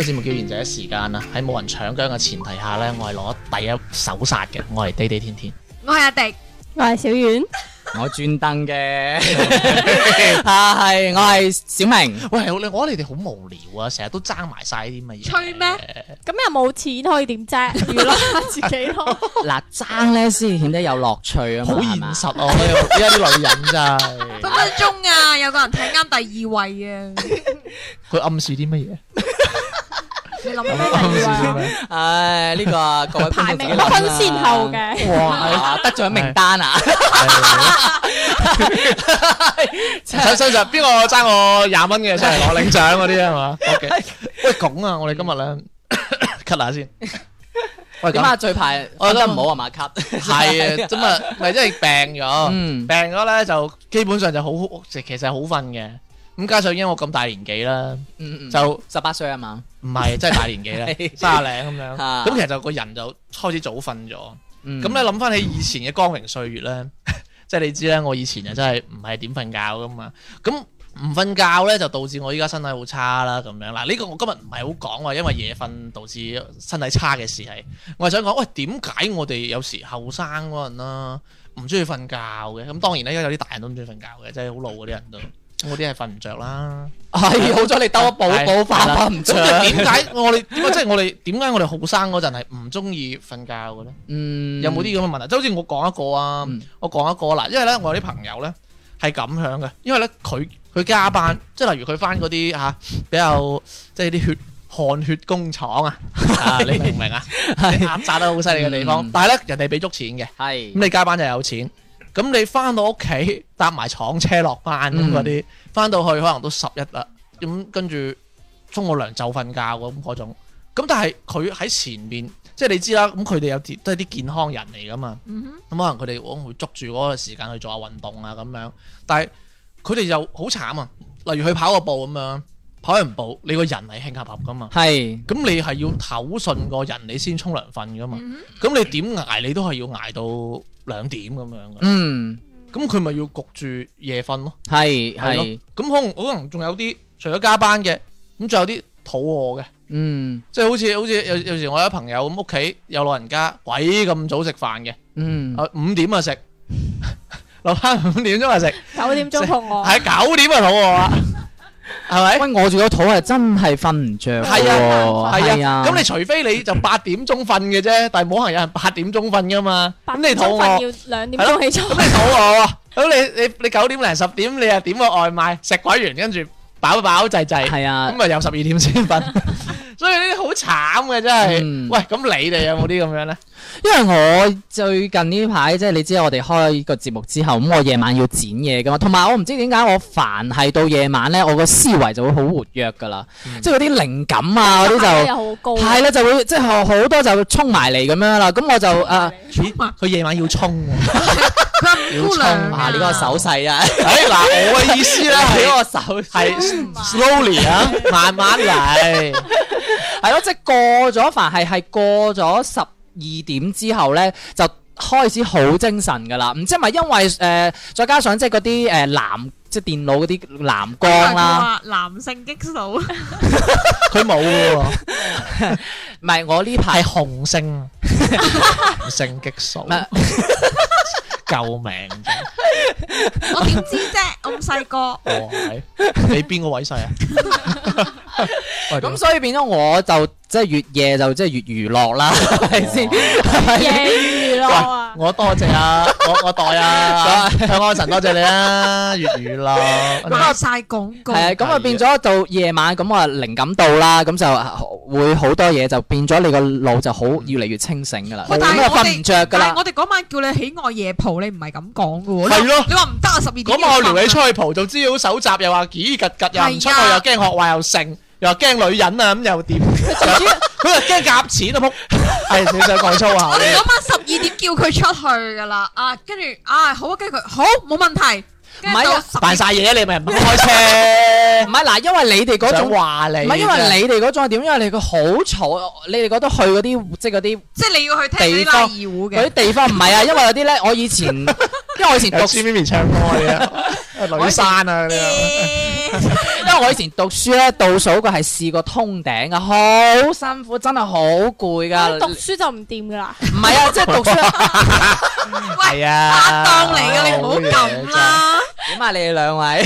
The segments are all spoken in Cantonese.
個節目叫《賢者時間》啊！喺冇人搶姜嘅前提下咧，我係攞第一手殺嘅。我係地地天天，我係阿迪，我係小婉，我專登嘅啊，係我係小明。喂，我你哋好無聊啊！成日都爭埋晒啲乜嘢？吹咩？咁又冇錢可以點啫？娛樂下自己咯。嗱，爭咧先顯得有樂趣啊！好現實啊，而家啲女人咋？分分鐘啊，有個人睇啱第二位啊！佢暗示啲乜嘢？諗咩題啊？唉，呢個排名不分先後嘅，得獎名單啊！上身上邊個爭我廿蚊嘅上嚟，攞領獎嗰啲係嘛？O K，喂咁啊！我哋今日咧，咳下先。喂，點啊？最排我覺得唔好啊嘛，咳。係啊，今日咪即係病咗。嗯，病咗咧就基本上就好，其實係好瞓嘅。咁加上因為我咁大年紀啦，嗯嗯就十八歲啊嘛，唔係真係大年紀啦，卅零咁樣。咁、啊、其實就個人就開始早瞓咗。咁咧諗翻起以前嘅光明歲月咧，即 係你知咧，我以前就真係唔係點瞓覺噶嘛。咁唔瞓覺咧就導致我依家身體好差啦。咁樣嗱，呢個我今日唔係好講話，因為夜瞓導致身體差嘅事係，我係想講喂，點解我哋有時後生嗰陣啦唔中意瞓覺嘅？咁當然咧，有啲大人都唔中意瞓覺嘅，真係好老嗰啲人都。我啲係瞓唔着啦，係好彩你兜一步，冇辦法唔著即係點解我哋點解即係我哋點解我哋後生嗰陣係唔中意瞓覺嘅咧？嗯，有冇啲咁嘅問題？即係好似我講一個啊，我講一個啦。因為咧，我有啲朋友咧係咁樣嘅，因為咧佢佢加班，即係例如佢翻嗰啲吓比較即係啲血汗血工廠啊， 你明唔明啊？係壓榨得好犀利嘅地方， 但係咧人哋俾足錢嘅，係咁是你加班就有錢。咁你翻到屋企搭埋廠車落班咁嗰啲，翻、嗯、哼到去可能都十一啦。咁跟住沖個涼就瞓覺咁嗰種。咁但係佢喺前面，即係你知啦。咁佢哋有啲都係啲健康人嚟噶嘛。咁、嗯、哼可能佢哋會捉住嗰個時間去做下運動啊咁樣。但係佢哋又好慘啊。例如去跑個步咁樣，跑完步你，人是你個人係興合合噶嘛。係、嗯哼。咁你係要唞順個人，你先沖涼瞓噶嘛。咁你點捱你都係要捱到兩點咁樣嘅，嗯，咁佢咪要焗住夜瞓咯，係係咯，咁可能可能仲有啲，除咗加班嘅，咁仲有啲肚餓嘅，嗯，即係好似好似有有時我有朋友咁，屋企有老人家，鬼咁早食飯嘅，嗯，啊五點啊食，落 班五點鐘啊食，九 點鐘 肚餓，係九點啊肚餓啊。係咪？喂，我住個肚係真係瞓唔着，係啊，係啊。咁你除非你就八點鐘瞓嘅啫，但係冇可能有人八點鐘瞓噶嘛。咁你肚餓，要兩點鐘起身？咁你肚餓啊？咁你你你九點零十點你又點個外賣食鬼完，跟住飽飽滯滯，係啊。咁咪又十二點先瞓，所以呢啲好慘嘅真係。喂，咁你哋有冇啲咁樣咧？因為我最近呢排即係你知我哋開個節目之後，咁我夜晚要剪嘢噶嘛，同埋我唔知點解我凡係到夜晚咧，我個思維就會好活躍噶啦，即係嗰啲靈感啊嗰啲就係啦，就會即係好多就衝埋嚟咁樣啦。咁我就誒，佢夜晚要衝，要衝啊！你個手勢啊！嗱，我嘅意思咧係個手勢係 slowly 啊，慢慢嚟，係咯，即係過咗凡係係過咗十。二點之後咧，就開始好精神㗎啦。唔知係咪因為誒、呃、再加上即係啲誒男。即係電腦嗰啲藍光啦，男性激素，佢冇嘅喎，唔係 我呢排係雄性激素， 救命我！我點知啫？我咁細個， 哦、你邊個位細啊？咁 喂所以變咗我就即係、即係、越夜就即係越娛樂啦，係咪先？我多謝啊，我我代啊，向愛神多謝你啊，粵語啦，講晒廣告係啊，咁啊變咗到夜晚咁啊靈感到啦，咁就會好多嘢就變咗你個腦就好越嚟越清醒噶啦，但係瞓唔着噶啦。我哋嗰晚叫你喜愛夜蒲，你唔係咁講噶喎。係咯，你話唔得啊十二點咁我撩你出去蒲，做資料搜集又話幾吉吉又唔出去又驚學壞又剩。又話驚女人啊咁又點？佢又驚夾錢都僕，係你想講粗口。我哋嗰晚十二點叫佢出去噶啦，啊，跟住啊，好啊，跟佢好冇問題。唔係辦晒嘢，你咪唔好開車。唔係嗱，因為你哋嗰種話你，唔係因為你哋嗰種係點？因為你佢好嘈，你哋覺得去嗰啲即係嗰啲，即係你要去聽二胡嘅啲地方，唔係啊，因為嗰啲咧，我以前因為我以前讀書咪咪唱歌嗰啲啊，女生啊嗰啲因為我以前讀書咧倒數個係試過通頂啊，好辛苦，真係好攰噶。讀書就唔掂噶啦。唔係啊，即係讀書係啊，當嚟噶，你唔好咁啦。點啊，你哋兩位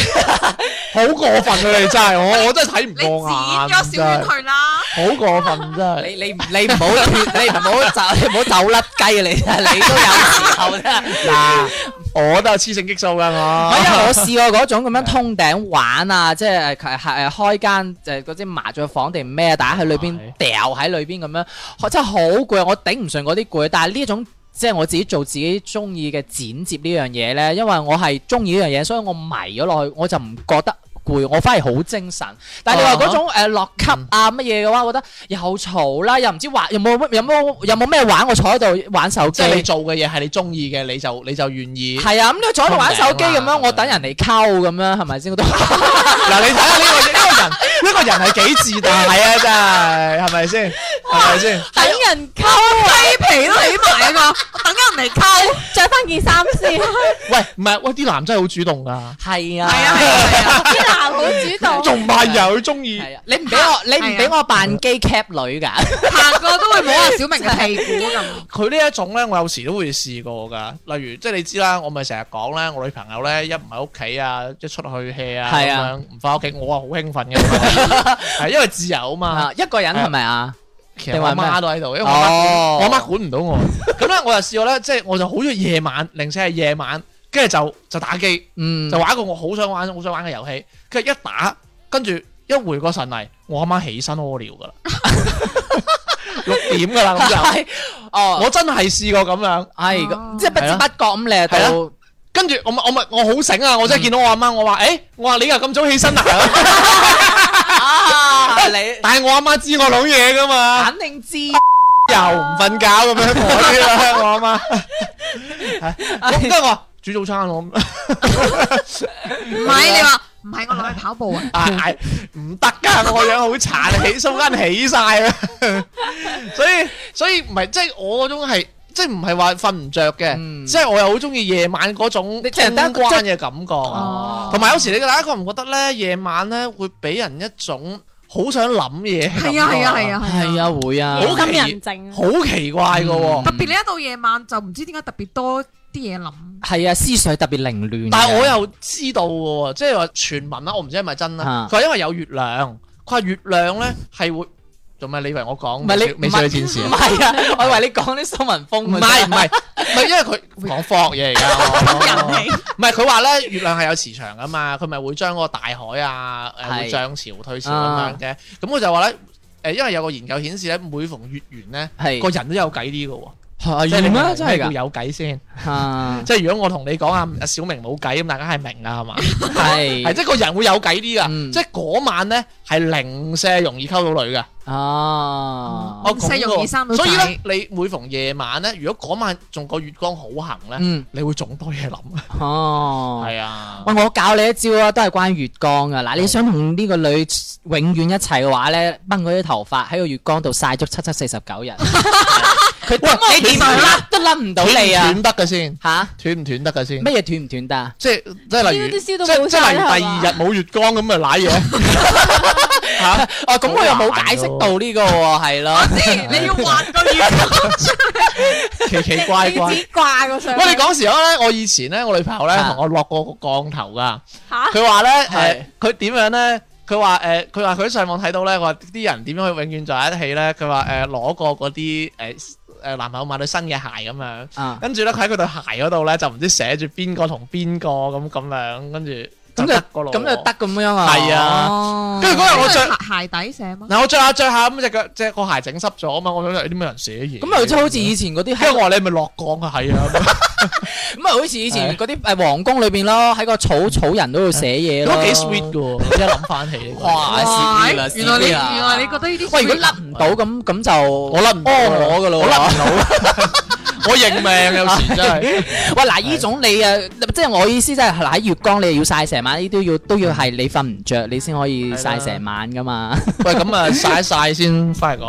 好過分啊！你真係我我真係睇唔過眼。剪咗少少退啦。好過分真係。你你你唔好你唔好走，你唔好走甩雞啊！你你都有時候噶。我都係黐性激素㗎我， 因為我試過嗰種咁樣通頂玩啊， 即係係係開間誒嗰啲麻雀房定咩，大家喺裏邊掉喺裏邊咁樣，真係好攰啊。我頂唔順嗰啲攰。但係呢種即係我自己做自己中意嘅剪接呢樣嘢咧，因為我係中意呢樣嘢，所以我迷咗落去，我就唔覺得攰，我反而好精神。但係你話嗰種落級啊乜嘢嘅話，我覺得又好嘈啦，又唔知玩，又冇有冇有冇咩玩？我坐喺度玩手機。即係你做嘅嘢係你中意嘅，你就你就願意。係啊，咁你坐喺度玩手機咁樣，我等人嚟溝咁樣係咪先？我嗱你睇下呢個人，呢個人係幾自大啊！真係係咪先？係咪先？等人溝雞皮都起埋啊！嘛，等人嚟溝着翻件衫先。喂，唔係，喂啲男仔係好主動噶。係啊，係啊，係啊。好主動，仲唔係佢中意。你唔俾我，你唔俾我扮機 cap 女噶，行過都會摸下小明嘅屁股。佢呢一種咧，我有時都會試過噶。例如，即係你知啦，我咪成日講咧，我女朋友咧一唔喺屋企啊，一出去 hea 啊咁樣，唔翻屋企，我啊好興奮嘅，係因為自由啊嘛。一個人係咪啊？其實媽都喺度，因為我媽管唔到我。咁咧，我就試過咧，即係我就好中意夜晚，零舍係夜晚。跟住就就打機，就玩一個我好想玩、好想玩嘅遊戲。佢一打，跟住一回個神嚟，我阿媽起身屙尿噶啦，六點噶啦咁就。哦，我真係試過咁樣，係即係不知不覺咁咧就。跟住我我我好醒啊！我真係見到我阿媽，我話誒，我話你又咁早起身啊？你？但係我阿媽知我諗嘢噶嘛？肯定知，又唔瞓覺咁樣，我知啦，我阿媽。跟住我。煮早餐咯，唔係你話唔係我落去跑步啊？唔得噶，我樣好殘，起身間起晒啦。所以所以唔係，即係我嗰種係，即係唔係話瞓唔着嘅，即係我又好中意夜晚嗰種通關嘅感覺。哦，同埋有時你大家覺唔覺得咧？夜晚咧會俾人一種好想諗嘢。係啊係啊係啊係啊會啊，好咁人靜，好奇怪噶。特別你一到夜晚就唔知點解特別多。啲嘢諗係啊，思緒特別凌亂。但係我又知道喎，即係話傳聞啦，我唔知係咪真啊。佢話因為有月亮，佢話月亮咧係會做咩？你以為我講唔係你美少女戰士？唔係啊，我以為你講啲新聞風。唔係唔係唔係，因為佢講科學嘢而家。唔係佢話咧，月亮係有磁場噶嘛，佢咪會將嗰個大海啊，誒漲潮退潮咁樣嘅。咁我就話咧，誒，因為有個研究顯示咧，每逢月圓咧，個人都有計啲嘅喎。係咩？真係會有計先，即係如果我同你講啊，小明冇計咁，大家係明噶係嘛？係係即係個人會有計啲噶，即係嗰晚咧係零舍容易溝到女嘅。哦，零舍容易生到仔。所以咧，你每逢夜晚咧，如果嗰晚仲個月光好行咧，你會仲多嘢諗。哦，係啊。喂，我教你一招啊，都係關於月光嘅。嗱，你想同呢個女永遠一齊嘅話咧，掹佢啲頭髮喺個月光度曬足七七四十九日。佢你點樣甩都甩唔到你啊！斷得嘅先嚇斷唔斷得嘅先？咩嘢斷唔斷得啊？即係即係例如即即例如第二日冇月光咁啊，攋嘢嚇哦！咁我又冇解釋到呢個喎，係咯即先你要畫個月光出嚟，奇奇怪怪掛個上。喂，你講時話咧，我以前咧，我女朋友咧同我落過個降頭噶嚇。佢話咧係佢點樣咧？佢話誒，佢話佢喺上網睇到咧，話啲人點樣可以永遠在一起咧？佢話誒攞過嗰啲誒。誒男朋友買對新嘅鞋咁樣、嗯，跟住咧佢喺佢對鞋嗰度咧就唔知寫住邊個同邊個咁咁樣，跟住。咁就得個咁就得咁樣啊，係啊，跟住嗰日我着鞋底寫咯，嗱我着下著下咁隻腳，隻個鞋整濕咗啊嘛，我想睇啲咩人寫嘢，咁啊即係好似以前嗰啲，因我話你係咪落降啊？係啊，咁啊好似以前嗰啲誒皇宮裏邊咯，喺個草草人嗰度寫嘢咯，都幾 sweet 噶喎，一諗翻起，哇，係啊，原來你原來你覺得呢啲，喂，如果甩唔到咁咁就我甩唔到我噶咯喎，甩唔到。我認命有時真係，喂嗱，呢種你啊，即係我意思即係，嗱喺月光你要曬成晚，呢都要都要係你瞓唔着，你先可以曬成晚噶嘛。喂，咁啊曬一曬先翻嚟講。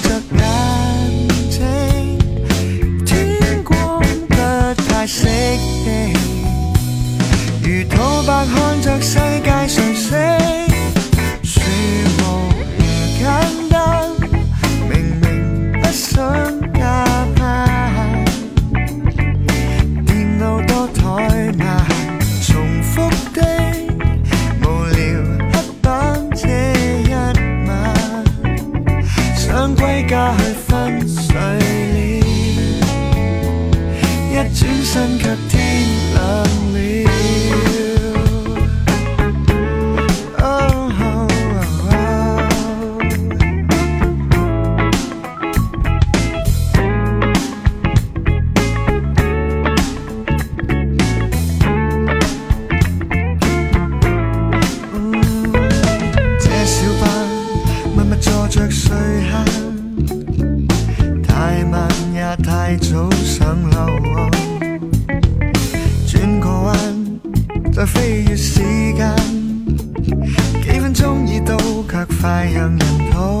太早上樓，哦，轉個彎，再飛越時間，幾分鐘已到，卻快向人抱。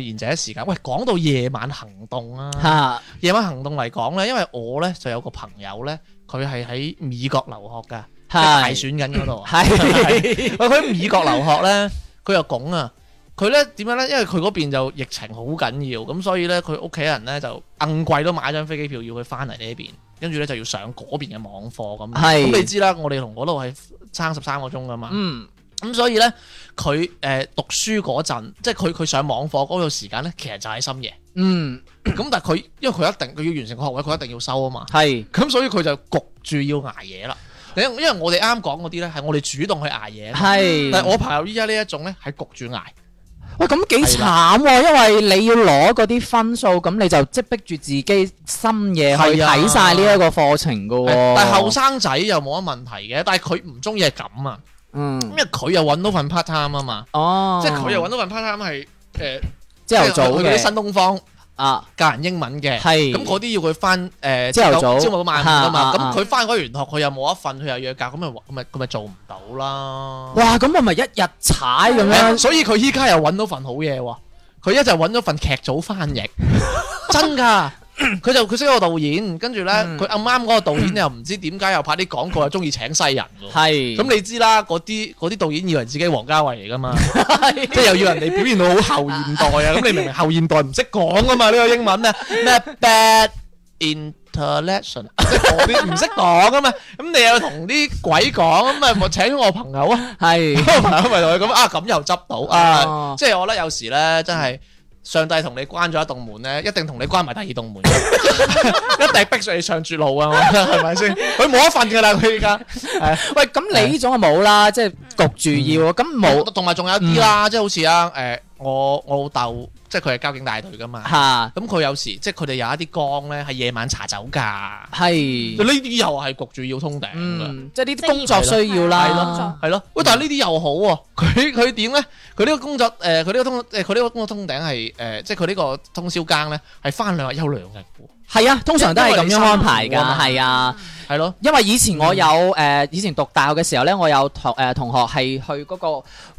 賢者時間，喂，講到夜晚行動啊！的夜晚行動嚟講咧，因為我咧就有個朋友咧，佢係喺美國留學㗎，的大選緊嗰度。係喂的，佢 喺美國留學咧，佢 又拱啊！佢咧點樣咧？因為佢嗰邊就疫情好緊要，咁所以咧佢屋企人咧就硬季都買張飛機票要佢翻嚟呢邊，跟住咧就要上嗰邊嘅網課咁。係咁，你知啦，我哋同嗰度係爭十三個鐘㗎嘛。嗯。嗯。咁所以呢，佢誒、呃、讀書嗰陣，即係佢佢上網課嗰段時間呢，其實就喺深夜。嗯。咁但係佢，因為佢一定，佢要完成個學位，佢一定要收啊嘛。係是。咁所以佢就焗住要挨夜啦。因為我哋啱講嗰啲呢，係我哋主動去挨夜，是夜。係。但係我排入依家呢一種呢，係焗住挨。喂，咁幾慘？的因為你要攞嗰啲分數，咁你就即逼住自己深夜去睇晒呢一個課程噶。但係後生仔又冇乜問題嘅，但係佢唔中意係咁啊。嗯，因為佢又揾到份 part time 啊嘛，哦、即係佢又揾到份 part time 係誒朝頭早嘅新東方啊教人英文嘅，咁嗰啲要佢翻誒朝頭早朝五晚五噶嘛，咁佢翻嗰完學，佢又冇得瞓，佢又約教，咁咪咁咪佢咪做唔到啦。哇，咁係咪一日踩咁、啊、樣？所以佢依家又揾到份好嘢喎，佢一就揾到份劇組翻譯， 真噶的。 佢就佢識個導演，跟住咧佢啱啱嗰個導演又唔知點解又拍啲廣告又中意請西人喎。係。咁你知啦，嗰啲啲導演以為自己係王家衞嚟噶嘛，即係又要人哋表現到好後現代啊。咁你明明後現代唔識講噶嘛，呢個英文咧咩 bad interaction 即係冇唔識講噶嘛。咁你又同啲鬼講咁咪我請我朋友啊。係。朋友咪同佢講啊，咁又執到啊，即係我覺得有時咧真係。上帝同你關咗一棟門咧，一定同你關埋第二棟門，一定逼著你， 你上絕路啊！係咪先？佢冇得瞓㗎啦！佢而家，係喂，咁你呢種啊冇啦，即係焗住要，咁冇，同埋仲有啲啦，即係、嗯、好似啊，誒、哎。我我老豆即係佢係交警大隊噶嘛，咁佢、啊、有時即係佢哋有一啲崗咧，係夜晚查酒駕，呢啲又係焗住要通頂嘅、嗯，即係呢啲工作需要啦，係咯，喂，但係呢啲又好喎、啊，佢佢點咧？佢呢個工作誒，佢、呃、呢個通誒，佢、呃、呢個工作通頂係誒，即係佢呢個通宵更咧，係、呃、翻兩日休兩日。係啊，通常都係咁樣安排噶，係啊，係咯、啊。嗯、因為以前我有誒、呃，以前讀大學嘅時候咧，我有同誒、呃、同學係去嗰個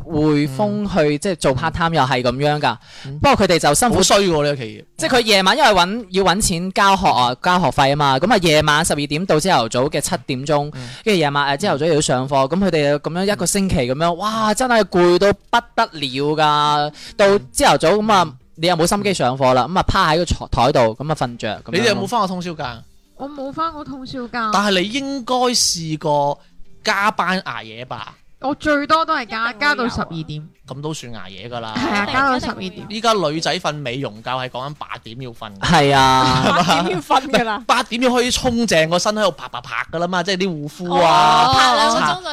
匯豐去、嗯、即係做 part time 又係咁樣噶。嗯、不過佢哋就辛苦衰喎呢個企業。即係佢夜晚因為要揾錢交學啊交學費啊嘛，咁啊夜晚十二點到朝頭早嘅七點鐘，跟住夜晚誒朝頭早又要上課，咁佢哋咁樣一個星期咁樣，哇！真係攰到不得了噶，嗯、到朝頭早咁啊～你又冇心機上課啦，咁啊趴喺個台台度，咁啊瞓着。你哋有冇返過通宵假？我冇返過通宵假。但係你應該試過加班捱、啊、夜吧？我最多都係加加到十二點，咁都算挨夜噶啦。係啊，加到十二點。依家女仔瞓美容覺係講緊八點要瞓。係啊，八點要瞓噶啦。八點要開始沖淨個身喺度啪啪啪噶啦嘛，即係啲護膚啊，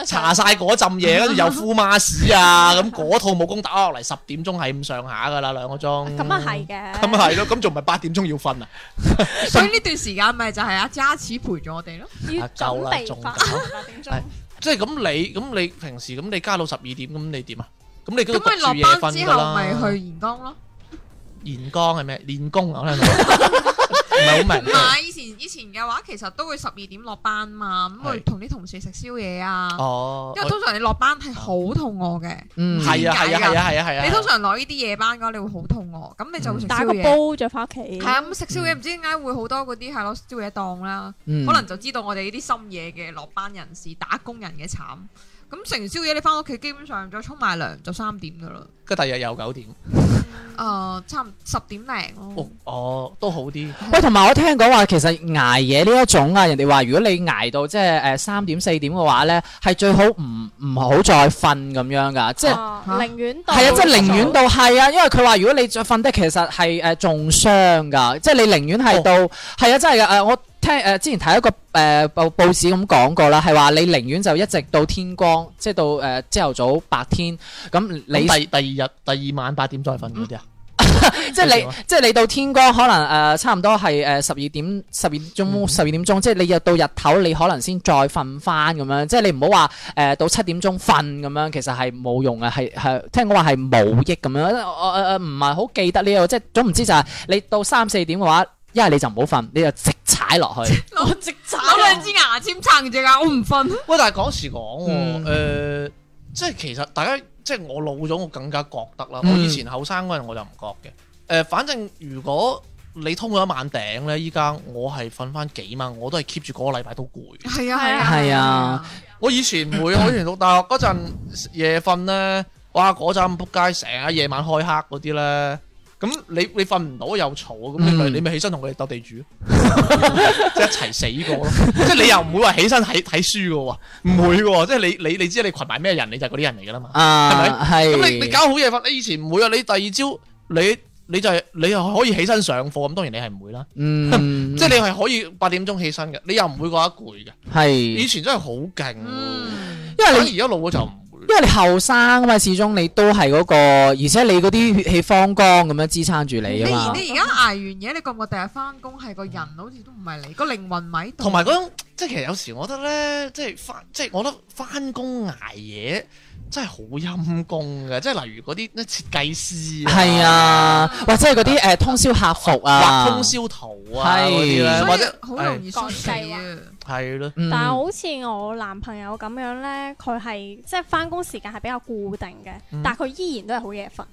搽晒嗰陣嘢，跟住又敷 mask 啊，咁嗰套武功打落嚟，十點鐘係咁上下噶啦，兩個鐘。咁啊係嘅。咁啊係咯，咁仲唔係八點鐘要瞓啊？所以呢段時間咪就係阿揸齒陪咗我哋咯，要準備瞓八點鐘。即係咁你咁你平時咁你加到十二點咁你點啊？咁你梗係焗住夜瞓㗎啦。咁你落班之後咪去沿江咯？沿江係咩？練功啊！我聽到 唔係好明。唔係以前以前嘅話，其實都會十二點落班嘛，咁去同啲同事食宵夜啊。哦。因為通常你落班係好肚餓嘅。嗯、係、嗯、啊，係啊，係啊，係啊。你通常攞呢啲夜班嘅話，你會好肚餓，咁你就會食宵夜。打個煲再翻屋企。係啊，咁食宵夜唔、嗯、知點解會好多嗰啲係攞宵夜檔啦。嗯、可能就知道我哋呢啲深夜嘅落班人士、打工人嘅慘。咁食完宵夜，你翻屋企基本上再沖埋涼，就三點噶啦。咁第日又九點。誒、呃、差唔多十點零哦，哦都、哦哦、好啲。喂的，同埋我聽講話，其實捱夜呢一種啊，人哋話如果你捱到即係誒三點四點嘅話咧，係最好唔唔好再瞓咁樣噶，即係寧願係啊，即係、就是、寧願到係啊，因為佢話如果你再瞓得，其實係誒重傷噶，即、就、係、是、你寧願係到係啊，真係嘅我聽誒之前睇一個誒報報紙咁講過啦，係話你寧願就一直到天光，即、就、係、是、到誒朝頭早白天咁，你第第二日第二晚八點再瞓嗰啲啊。嗯。 即係你， 即係你到天光可能誒、呃，差唔多係誒十二點十二點鐘十二點鐘，呃 mm hmm. 即係你又到日頭，你可能先再瞓翻咁樣。即係你唔好話誒到七點鐘瞓咁樣，其實係冇用嘅，係係聽講話係冇益咁樣。我誒唔係好記得呢個，即係總唔知就係你到三四點嘅話，一係你就唔好瞓，你就直踩落去。我直踩， 攞兩支牙籤撐住噶，我唔瞓。喂，但係講時講誒。即係其實大家即係我老咗，我更加覺得啦。我以前後生嗰陣我就唔覺嘅。誒、嗯呃，反正如果你通咗一晚頂呢，依家我係瞓翻幾晚，我都係 keep 住嗰個禮拜都攰。係啊係啊係啊！啊啊我以前會，我以前讀大學嗰陣夜瞓呢，哇嗰陣仆街，成日夜晚開黑嗰啲呢。咁、嗯、你你瞓唔到又嘈，咁你咪起身同佢哋鬥地主， 即係一齊死過咯。即係你又唔會話起身睇睇書噶喎，唔會喎。嗯、即係你你你知你群埋咩人，你就係嗰啲人嚟噶啦嘛，係咪、呃？係。咁是你你搞好嘢瞓，你以前唔會啊。你第二朝你你就係、是、你可以起身上課，咁當然你係唔會啦。嗯、 即係你係可以八點鐘起身嘅，你又唔會覺得攰嘅。係是。以前真係好勁，因為你而家老咗就。嗯因為你後生嘛，始終你都係嗰、嗰個，而且你嗰啲血氣方剛咁樣支撐住你啊嘛。你、嗯、而家挨完嘢，你覺唔覺第日翻工係個人，好似都唔係你個靈魂喺度。同埋嗰種，即係其實有時我覺得咧，即係翻，即係我覺得翻工挨嘢。真係好陰功嘅，即係例如嗰啲咩設計師，係啊，啊或者係嗰啲誒通宵客服啊，通宵圖啊嗰啲，或者好、啊、容易出計嘅，係咯。但係好似我男朋友咁樣呢，佢係即係翻工時間係比較固定嘅，嗯、但係佢依然都係好夜瞓。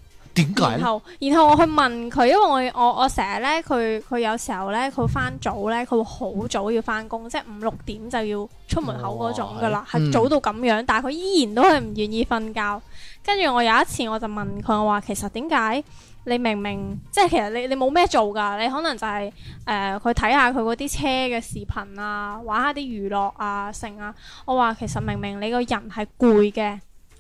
然後然後我去問佢，因為我我我成日咧佢佢有時候咧佢翻早咧佢會好早要翻工，即係五六點就要出門口嗰種噶啦，係哇 早到咁樣，嗯、但係佢依然都係唔願意瞓覺。跟住我有一次我就問佢我話，其實點解你明明即係其實你你冇咩做噶，你可能就係誒佢睇下佢嗰啲車嘅視頻啊，玩下啲娛樂啊成啊。我話其實明明你個人係攰嘅。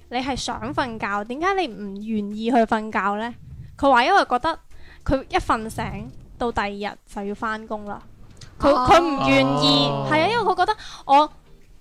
你係想瞓覺，點解你唔願意去瞓覺呢？佢話因為覺得佢一瞓醒到第二日就要翻工啦，佢佢唔願意，係啊，因為佢覺得我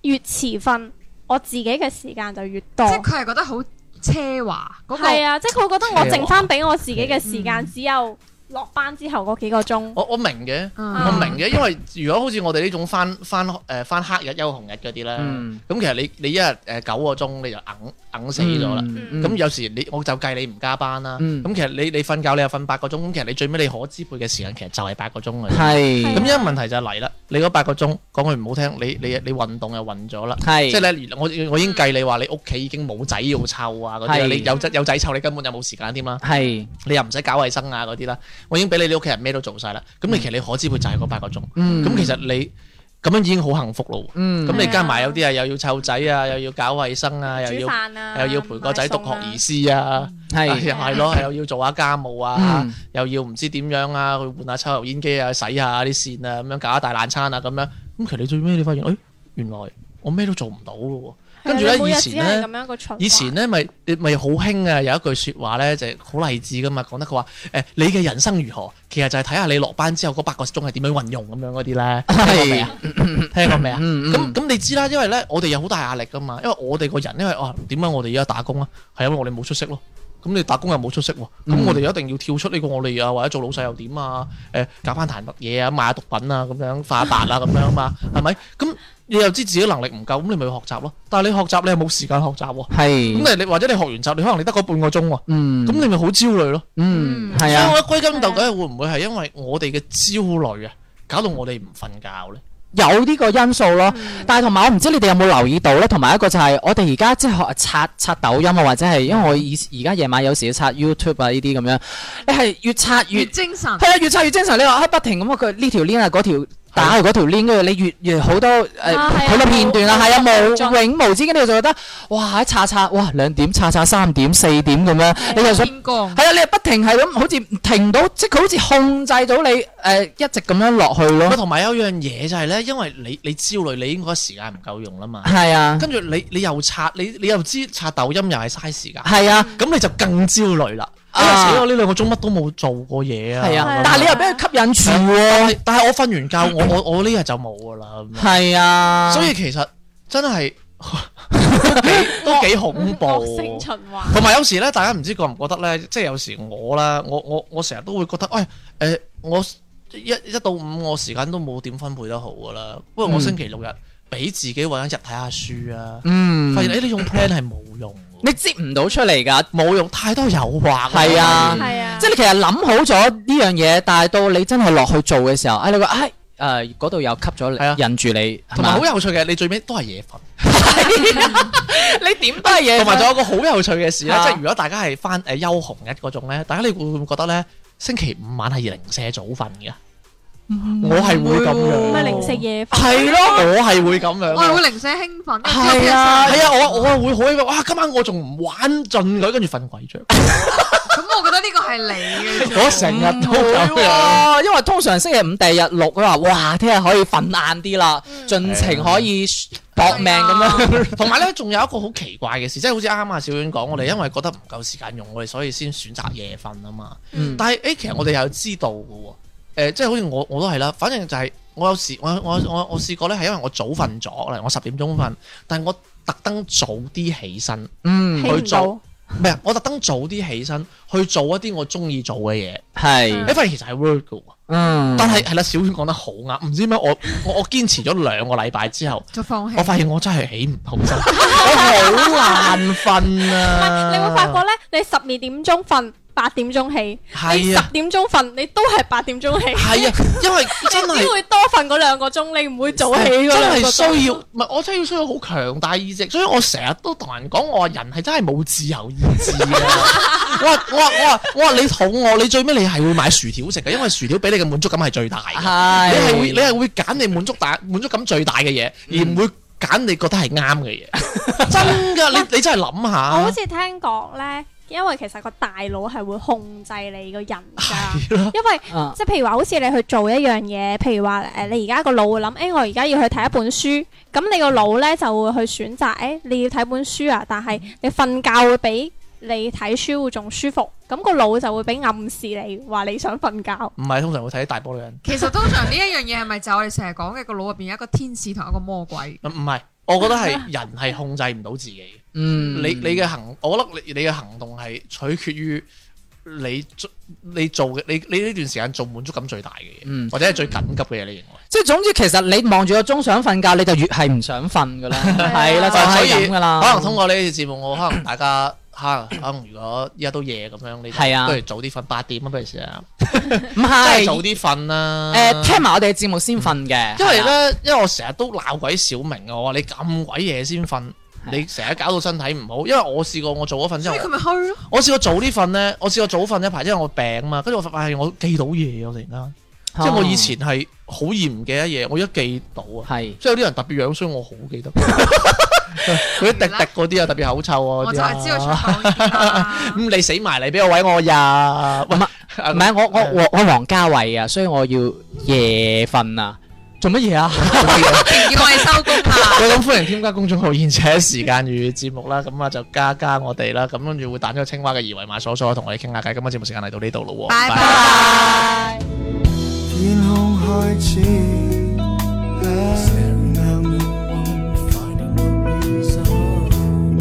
越遲瞓，我自己嘅時間就越多。即係佢係覺得好奢華，係、那個、啊，即係佢覺得我剩翻俾我自己嘅時間、嗯、只有，落班之後嗰幾個鐘，我我明嘅，我明嘅，因為如果好似我哋呢種翻翻誒、呃、翻黑日休紅日嗰啲咧，咁、嗯、其實你你一日誒九個鐘你就硬，硬死咗啦。咁、嗯嗯、有時你我就計你唔加班啦。咁、嗯、其實你你瞓覺你又瞓八個鐘，咁其實你最尾你可支配嘅時間其實就係八個鐘嘅。係是。咁一個問題就嚟啦，你嗰八個鐘講句唔好聽，你你你，你運動又運咗啦。係是。即係咧，我我已經計你話你屋企已經冇仔要湊啊嗰啲，是你有有仔湊你根本又冇時間添啦。係是。你又唔使搞衞生啊嗰啲啦。我已經俾你，你屋企人咩都做晒啦。咁你其實你可支配就係嗰八個鐘。咁其實你咁樣已經好幸福咯。咁你加埋有啲啊，又要湊仔啊，又要搞衞生啊，又要又要陪個仔讀學而思啊，係係咯，又要做下家務啊，又要唔知點樣啊，去換下抽油煙機啊，洗下啲線啊，咁樣搞下大懶餐啊，咁樣。咁其實你最尾你發現，誒，原來我咩都做唔到嘅喎。跟住咧，以前咧，樣以前咧，咪咪好興啊！有一句説話咧，就係好勵志噶嘛，講得佢話：誒、欸，你嘅人生如何，其實就係睇下你落班之後嗰八個鐘係點樣運用咁樣嗰啲咧。 聽過未啊？ 聽過未啊？咁咁、 嗯嗯、你知啦，因為咧，我哋有好大壓力噶嘛，因為我哋個人，因為啊，點解我哋而家打工啊？係因為我哋冇出息咯。咁你打工又冇出息喎，咁、嗯、我哋一定要跳出呢個我哋啊，或者做老細又點啊？誒、呃，搞翻痰毒嘢啊，賣下毒品啊，咁樣發達啊，咁樣嘛，係咪？ 咁你又知自己能力唔夠，咁你咪去學習咯。但係你學習你又冇時間學習喎，咁的你或者你學完習，你可能你得個半個鐘喎，嗯。咁你咪好焦慮咯，嗯，係啊。我覺得歸根究底會唔會係因為我哋嘅焦慮啊，搞到我哋唔瞓覺呢？有呢個因素咯，mm hmm. 但係同埋我唔知你哋有冇留意到咧，同埋一個就係我哋而家即係刷刷抖音啊，或者係因為我而而家夜晚有時要刷 YouTube 啊呢啲咁樣，你係越刷越，越精神，係啊，越刷越精神。你話喺、哎、不停咁啊，佢呢條 link 啊，嗰條。打家如果條 link 你越越好多誒好、啊、多片段啦，係有冇，永無止境對你就覺得哇一刷刷，哇兩點刷刷三點四點咁樣，你又想係啊，你又不停係咁，好似停到即係佢好似控制到你誒、呃、一直咁樣落去咯。同埋有一樣嘢就係咧，因為你你，你焦慮，你應該時間唔夠用啦嘛。係啊，跟住你你又刷你你又知刷抖音又係嘥時間。係啊的，咁、嗯、你就更焦慮啦。啊！死，我呢兩個鐘乜都冇做過嘢啊！係啊，但係你又俾佢吸引住喎。但係我瞓完覺，嗯、我我我呢日就冇噶啦。係啊，所以其實真係 都幾恐怖。惡性循環。同埋、嗯、有時咧，大家唔知覺唔覺得咧，即係有時我啦，我我我成日都會覺得，哎，誒，我一一到五我時間都冇點分配得好噶啦。不過我星期六日俾自己搵一日睇下書啊。嗯。發現哎，呢種 plan 係冇、嗯、用。你接唔到出嚟㗎，冇用太多誘惑。係啊，嗯、啊即係你其實諗好咗呢樣嘢，但係到你真係落去做嘅時候，哎你話唉，誒嗰度又吸咗你，引住你，同埋好有趣嘅，你最尾都係夜瞓。 啊、你點都係夜瞓。同埋仲有個好有趣嘅事咧，啊啊、即係如果大家係返誒休紅日嗰種咧，大家你會唔會覺得咧，星期五晚係零舍早瞓嘅？我係會咁樣，咪零食夜瞓係咯，我係會咁樣，我係會零舍興奮。係啊，係啊，我我會可以哇，今晚我仲唔玩盡佢，跟住瞓鬼着。咁我覺得呢個係你嘅，我成日都咁樣，因為通常星期五第二日六，佢話哇聽日可以瞓晏啲啦，盡情可以搏命咁樣。同埋咧，仲有一個好奇怪嘅事，即係好似啱啱阿小遠講，我哋因為覺得唔夠時間用，我哋所以先選擇夜瞓啊嘛。但係誒，其實我哋又知道嘅誒，即係好似我我都係啦，反正就係我有時我我我我試過咧，係因為我早瞓咗啦，我十點鐘瞓，但係我特登早啲起身，嗯，去做，唔係啊，我特登早啲起身去做一啲我中意做嘅嘢，係，你發現其實係 work 嘅，嗯，但係係啦，小娟講得好啱，唔知點解我我我堅持咗兩個禮拜之後，就放棄，我發現我真係起唔起身，我好難瞓啊，但係，你會發覺咧，你十二點鐘瞓。八點鐘起、啊、起，你十點鐘瞓，你都係八點鐘起。係啊，因為真係會多瞓嗰兩個鐘，你唔會早起嗰兩個鐘。真係需要，唔係我真係需要好強大意志，所以我成日都同人講，我話人係真係冇自由意志嘅。 我話我話我話我話你肚餓，你最尾你係會買薯條食嘅，因為薯條俾你嘅滿足感係最大。係唉，你係會你係會揀你滿足大滿足感最大嘅嘢，嗯、而唔會揀你覺得係啱嘅嘢。 真噶，你但 你真係諗下。我好似聽講咧。因為其實個大腦係會控制你個人㗎，的因為即係、嗯、譬如話，好似你去做一樣嘢，譬如話誒，你而家個腦會諗，誒我而家要去睇一本書，咁你個腦呢就會去選擇，誒、欸、你要睇本書啊，但係你瞓覺會比你睇書會仲舒服，咁個腦就會俾暗示你話你想瞓覺。唔係，通常會睇大波女人。其實通常呢 一樣嘢係咪就係我哋成日講嘅個腦入邊有一個天使同一個魔鬼？唔唔係。我覺得係人係控制唔到自己嘅、嗯，你你嘅行，我覺得你你嘅行動係取決於你做你做嘅你你呢段時間做滿足感最大嘅嘢，嗯、或者係最緊急嘅嘢，嗯、你認為？即係總之，其實你望住個鐘想瞓覺，你就越係唔想瞓㗎喇，係啦， 就係、咁㗎喇、可能通過呢啲節目，我可能大家。 可能如果依家都夜咁樣，你不如早啲瞓八點吖，不如試下，唔係 是，即係早啲瞓啦。誒、呃，聽埋我哋嘅節目先瞓嘅。因為咧，啊、因為我成日都鬧鬼小明嘅，我話你咁鬼夜先瞓，啊、你成日搞到身體唔好。因為我試過我早咗瞓之後，咪去咯。我試過早啲瞓咧，我試過早瞓一排，因為我病啊嘛。跟住我發現我記到嘢，我突然間，哎嗯、即係我以前係好易唔記得嘢，我而家記到啊。係是，即係有啲人特別樣衰，我好記得。 嗰啲、嗯嗯、滴滴嗰啲啊，特別口臭哦。我就知咁、 嗯、你死埋嚟俾我位我呀？唔係、 啊，我我我我黃家衛啊，所以我要夜瞓啊。做乜嘢啊？我哋收工吓。好咁，歡迎添加公眾號《賢者時間粵語節目》啦。咁啊，就加加我哋啦。咁跟住會彈咗青蛙嘅二維碼，鎖鎖同我哋傾下偈。今日節目時間嚟到呢度咯。拜拜。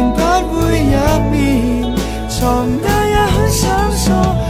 不會入眠，床單也許生疏。